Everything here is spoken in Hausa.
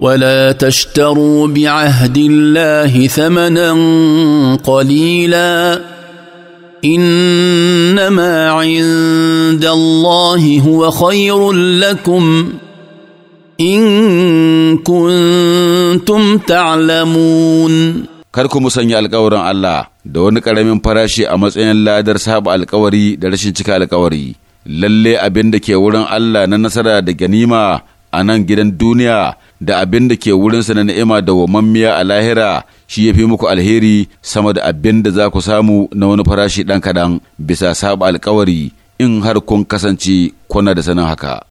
ولا تشتروا بعهد الله ثمنا قليلا انما عند الله هو خير لكم ان كنتم تعلمون kar ku sanya alkawarin Allah da wani ƙaramin farashi a matsayin ladar saba alkawari da rashin cika alkawari lalle abin da ke wurin Allah na nasara da ganima a nan gidan duniya da abin da ke wurinsa na ni'ima da wamammiya a lahira shi ya fi muku alheri sama da abin da za ku samu na wani farashi ɗan kaɗan bisa saba alkawari in har kun kasance kuna da sanin haka.